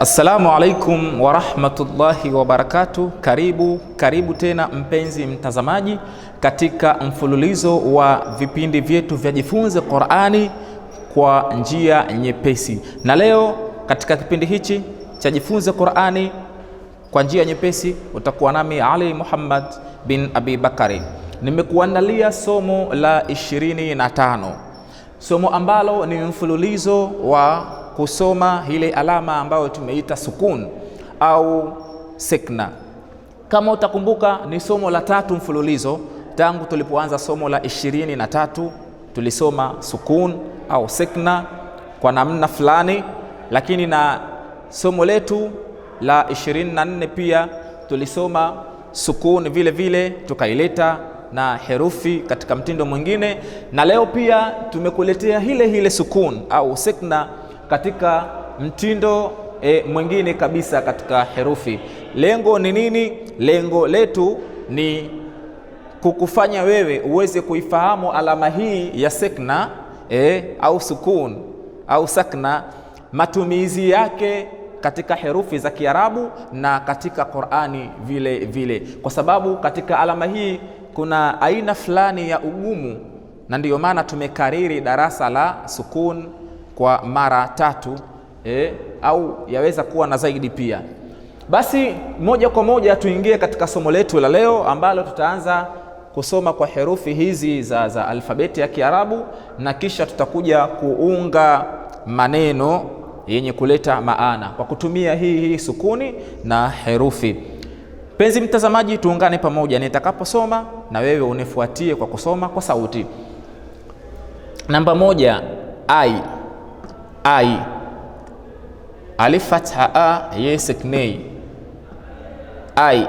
Assalamu alaikum warahmatullahi wabarakatuh. Karibu, karibu tena mpenzi mtazamaji katika mfululizo wa vipindi vyetu vya Jifunze Qur'ani kwa njia nyepesi, na leo katika kipindi hichi cha Jifunze Qur'ani kwa njia nyepesi utakuwa nami Ali Muhammad bin Abi Bakari. Nimekuandalia somo la 25 somo ambalo ni mfululizo wa kusoma ile alama ambayo tumeita sukun au sekna. Kama utakumbuka, ni somo la tatu mfululizo tangu tulipoanza somo la ishirini na tatu tulisoma sukun au sekna kwa namna fulani, lakini na somo letu la ishirini na nne pia tulisoma sukun vile vile, tukaileta na herufi katika mtindo mwingine, na leo pia tumekuletea hile hile sukun au sekna katika mtindo e, mwingine kabisa katika herufi. Lengo ni nini? Lengo letu ni kukufanya wewe uweze kuifahamu alama hii ya sekna e, au sukun au sakna, matumizi yake katika herufi za Kiarabu na katika Qur'ani vile vile, kwa sababu katika alama hii kuna aina fulani ya ugumu, na ndiyo maana tumekariri darasa la sukun kwa mara tatu eh, au yaweza kuwa na zaidi pia. Basi moja kwa moja tuingie katika somo letu la leo ambalo tutaanza kusoma kwa herufi hizi za, za alfabeti ya Kiarabu na kisha tutakuja kuunga maneno yenye kuleta maana kwa kutumia hii hii sukuni na herufi. Penzi mtazamaji, tuungane pamoja nitakaposoma na wewe unifuatie kwa kusoma kwa sauti. Namba moja, ai ai alif fatha a yeseknei ai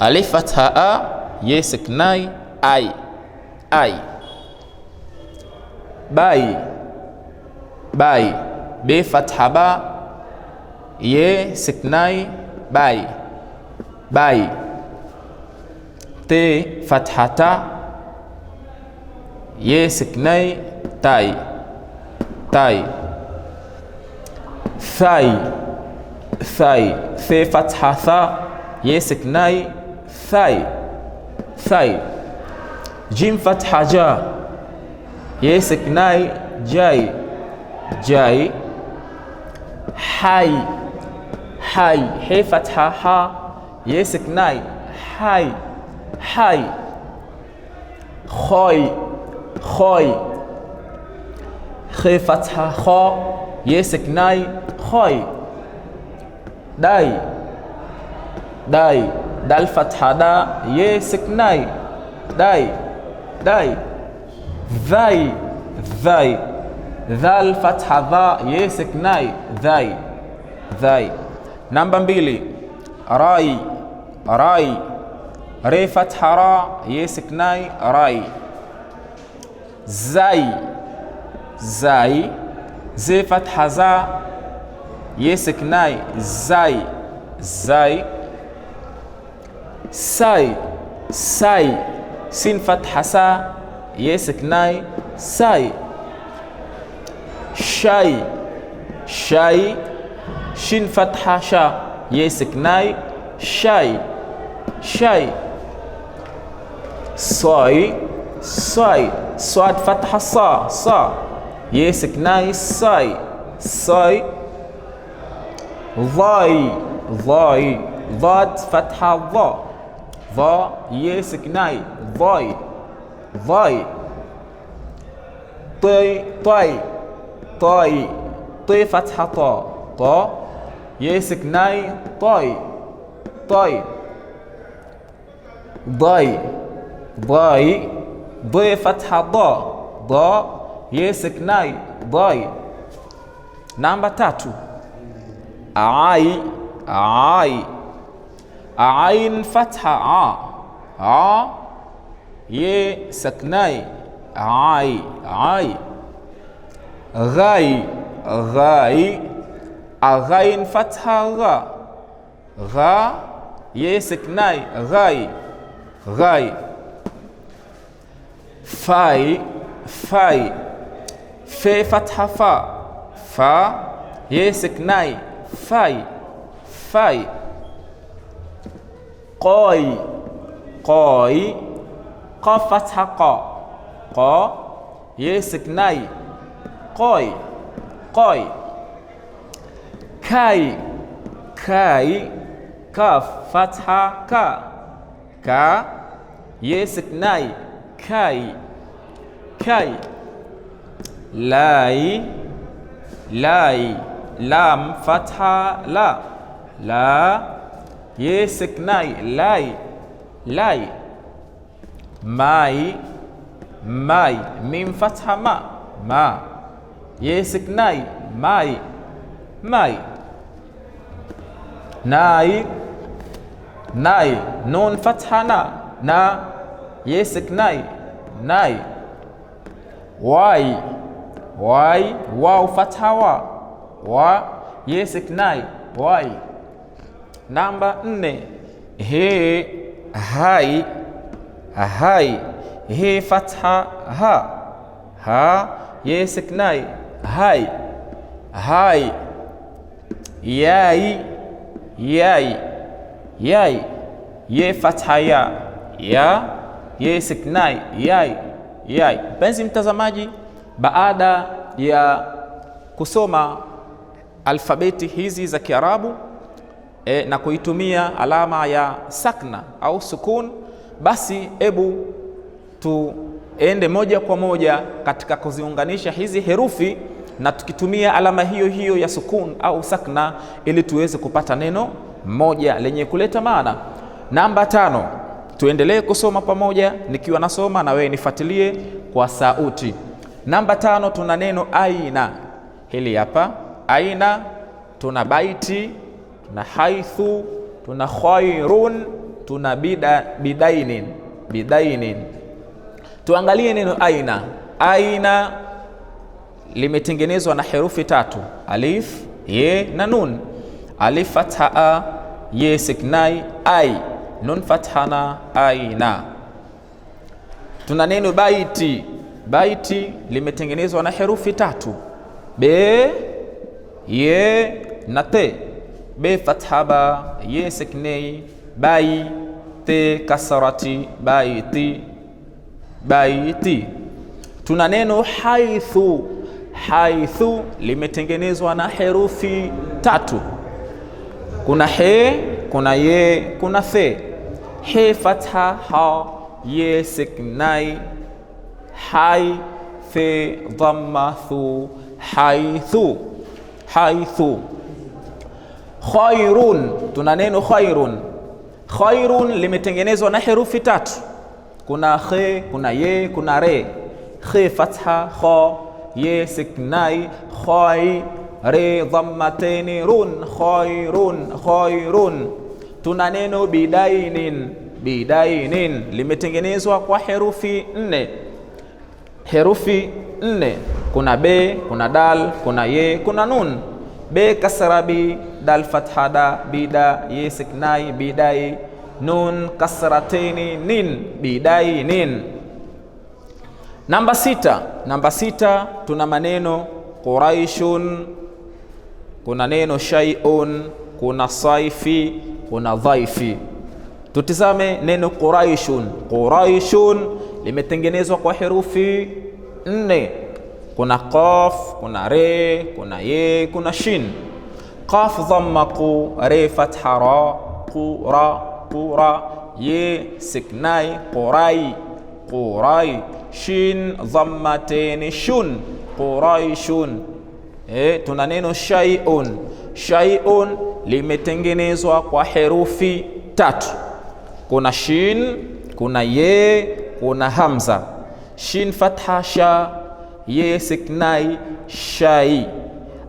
alif fatha a yeseknai ai ai bai bai be fatha ba ye seknai bai bai te fathata ye seknai tai tai thai thai the fatha tha yeseknai thai thai jim fatha ja yeseknai jai jai hai hai he fatha ha yeseknai hai hai khoi khoi khe fatha kho يسك ناي خوي داي داي دال فتحة دا يسك ناي داي داي ذاي ذاي ذال فتحة ذا يسك ناي ذاي ذاي نمبر بيلي راي راي ري فتحة را يسك ناي راي زاي زاي زي فتحة زا يسكناي زاي زاي ساي ساي سين فتحة سا يسكناي ساي شاي شاي شين فتحة شا يسكناي شاي شاي صاي صاي صاد فتحة صا صا ناي ساي ساي ضاي ضاي ضاد فتحة ضا ضا ناي ضاي ضاي طي طي طاي طي فتحة طا طا ناي طاي طاي ضاي ضاي ضي فتحة ضا ضا yeseknai dhai. Namba tatu aai aai ain fatha a a ye saknai ai ai ghai ghai aghain fatha gha gha ye saknai ghai ghai fai fai เฟฟัตฮฟาฟาเยสิกไนไฟไฟกอยกอยกอฟัตฮกอกอเยสิกไนกอยกอยไข่ไข่กาฟัตฮกากาเยสิกไนไขไขลายลายลามฟัตฮาลาลาเยสกนายลายลายไม่ไม่มิมฟัตฮามามาเยสกนายไม่ไม่นายนายนูนฟัตฮานานาเยสกนายนายวาย wai wau fatha wa wa yeseknai wai. Namba nne he hai hai he fatha ha ha yeseknai hai hai yai yai yai ye fatha ya ya yeseknai yai yai. Benzi mtazamaji baada ya kusoma alfabeti hizi za Kiarabu e, na kuitumia alama ya sakna au sukun, basi hebu tuende moja kwa moja katika kuziunganisha hizi herufi na tukitumia alama hiyo hiyo ya sukun au sakna ili tuweze kupata neno moja lenye kuleta maana. Namba tano, tuendelee kusoma pamoja, nikiwa nasoma na wewe nifuatilie kwa sauti. Namba tano tuna neno aina, hili hapa aina. Tuna baiti, tuna haithu, tuna khairun, tuna bida, bidainin, bidainin. Tuangalie neno aina. Aina limetengenezwa na herufi tatu: alif, ye na nun. Alif fatha a, ye siknai ai, nun fathana aina. Tuna neno baiti baiti limetengenezwa na herufi tatu be, ye na te. Be fathaba ye seknei, bai te kasarati baiti, baiti. Tuna neno haithu. Haithu limetengenezwa na herufi tatu, kuna he, kuna ye, kuna the. He fatha ha, ye seknai حي في ضمة ثو حيث حيث khairun tuna neno khairun khairun limetengenezwa na herufi tatu kuna khe kuna ye kuna re khe fatha kha ye siknai khai re dhammateni run khairun khairun tuna neno bidainin bidainin limetengenezwa kwa herufi nne herufi nne, kuna be, kuna dal, kuna ye, kuna nun. Be kasra bi, dal fatha da, bida ye siknai bidai, nun kasrataini, nin, bidai nin. Namba sita, namba sita tuna maneno quraishun, kuna neno shaiun, kuna saifi, kuna dhaifi. Tutizame neno quraishun, quraishun limetengenezwa kwa herufi nne. Kuna qaf, kuna re, kuna ye, kuna shin. Qaf dhamma, qu re fatha, ra qu ra qu ra, ye siknai qurai qurai, shin dhamma teni shun qurai shun. E, tuna neno shay'un. Shay'un limetengenezwa kwa herufi tatu. Kuna shin, kuna ye kuna hamza, shin fatha, sha ye siknai, shai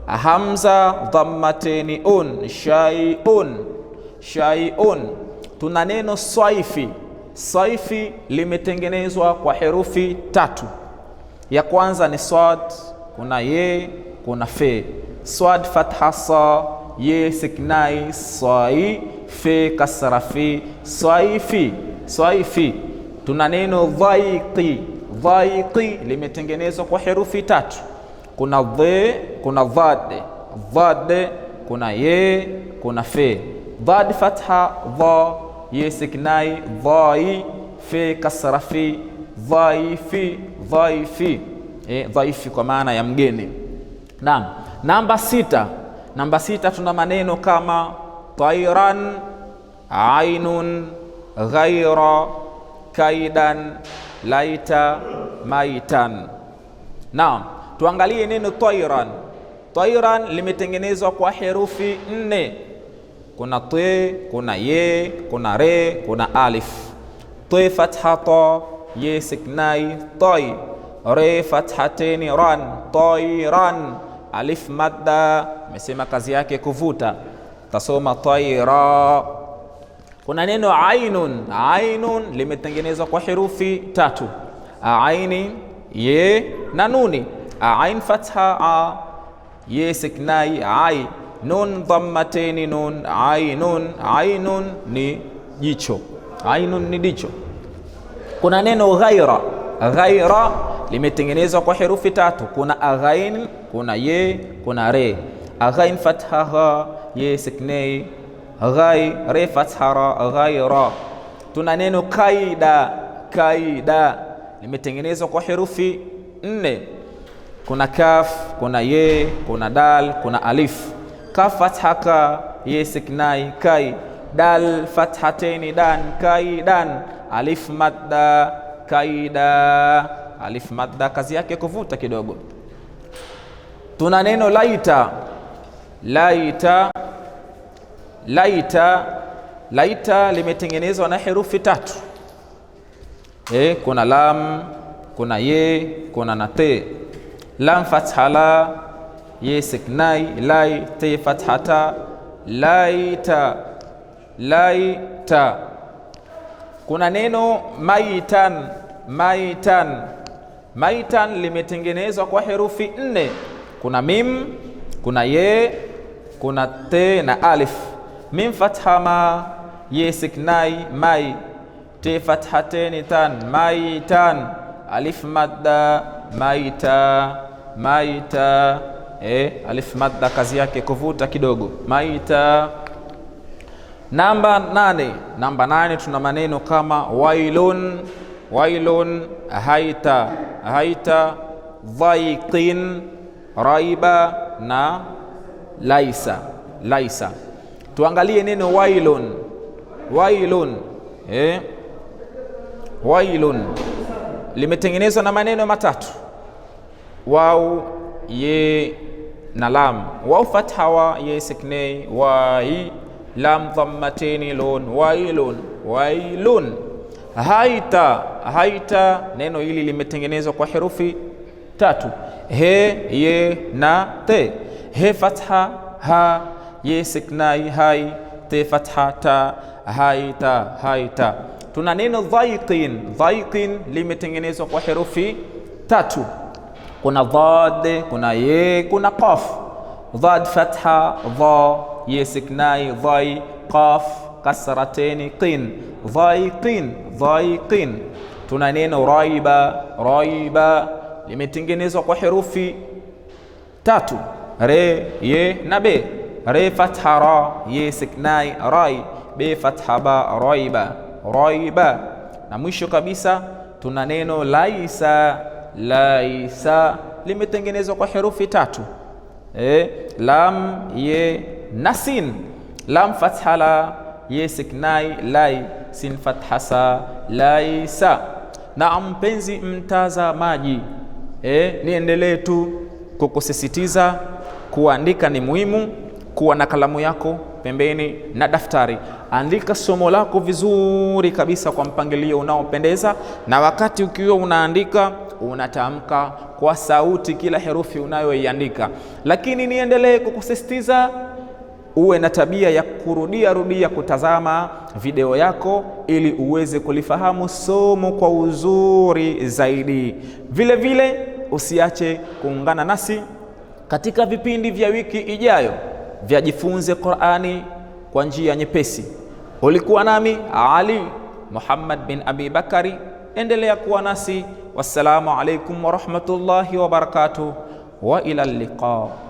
hamza dhammateni, un shai un. Tuna neno saifi. Saifi limetengenezwa kwa herufi tatu. Ya kwanza ni swad, kuna ye, kuna fe. Swad fatha sa, ye siknai, sai, fe kasra fi, saifi, saifi Tuna neno dhaiqi. Dhaiqi limetengenezwa kwa herufi tatu, kuna dhe, kuna dhade, dhade, kuna ye, kuna fe. Dhad fatha dha, ye siknai dhai, fe kasra fi, dhaifi, dhaifi, e, dhaifi kwa maana ya mgeni. Naam, namba sita, namba sita tuna maneno kama tairan, ainun, ghaira kaidan laita maitan. Naam, tuangalie neno tairan. Tairan limetengenezwa kwa herufi nne, kuna t kuna ye, kuna re, kuna alif. t fatha to, ye siknai toi re fathateni ran, tairan. Alif madda, amesema kazi yake kuvuta, tasoma taira kuna neno ainun. Ainun limetengenezwa kwa herufi tatu: aini, ye na nuni. Ain fatha a, ye siknai ai, nun dhammateni nun. Ainun, ainun ni jicho, ainun ni jicho. Kuna neno ghaira. Ghaira limetengenezwa kwa herufi tatu: kuna aghain, kuna ye, kuna re. Aghain fatha ha, ye siknai ghairi fathara ghaira. Tuna neno kaida. Kaida limetengenezwa kwa herufi nne, kuna kaf, kuna ye, kuna dal, kuna alif. Kaf fathaka ye siknai kai, dal fathateni dan kai dan, alif madda kaida. Alif madda kazi yake kuvuta kidogo. Tuna neno laita, laita laita. Laita limetengenezwa na herufi tatu e, kuna lam, kuna ye, kuna na te. Lam fathala, ye siknai, lai te fathata, laita, laita. Kuna neno maitan, maitan maitan limetengenezwa kwa herufi nne. Kuna mim, kuna ye, kuna te na alif min fatha ma ye siknai mai te fathateni tan mai tan alif madda maita maita eh, alif madda kazi yake kuvuta kidogo maita. Namba nane, namba nane tuna maneno kama wailun wailun haita haita dhaiqin raiba na laisa laisa tuangalie neno wailun, wailun eh, wailun limetengenezwa na maneno matatu wau ye na lam. Wau fatha wa ye siknei wai lam dhammateni lun wailun wailun. Haita haita, neno hili limetengenezwa kwa herufi tatu: he ye na te. He fatha ha ye siknai hai te fatha ta hai ta hai ta. Tuna neno dhaiqin. Dhaiqin limetengenezwa kwa herufi tatu, kuna dhad, kuna ye, kuna qaf. Dhad fatha, dha ye siknai, dhai qaf kasrateni qin, dhaiqin, dhaiqin. Tuna neno raiba. Raiba limetengenezwa kwa herufi tatu, re, ye na be re fatha ra ye siknai rai be fatha ba raiba raiba. Na mwisho kabisa tuna neno laisa. Laisa limetengenezwa kwa herufi tatu e, lam ye nasin lam fatha la ye siknai lai sin sa laisa. Na mpenzi maji e, niendelee tu kukusisitiza kuandika ni muhimu kuwa na kalamu yako pembeni na daftari, andika somo lako vizuri kabisa kwa mpangilio unaopendeza, na wakati ukiwa unaandika unatamka kwa sauti kila herufi unayoiandika. Lakini niendelee kukusisitiza uwe na tabia ya kurudia rudia kutazama video yako ili uweze kulifahamu somo kwa uzuri zaidi. Vile vile usiache kuungana nasi katika vipindi vya wiki ijayo vyajifunze Qur'ani kwa njia nyepesi. Ulikuwa nami Ali Muhammad bin Abi Bakari, endelea kuwa nasi. Wassalamu alaikum warahmatullahi wabarakatuh wa ila liqa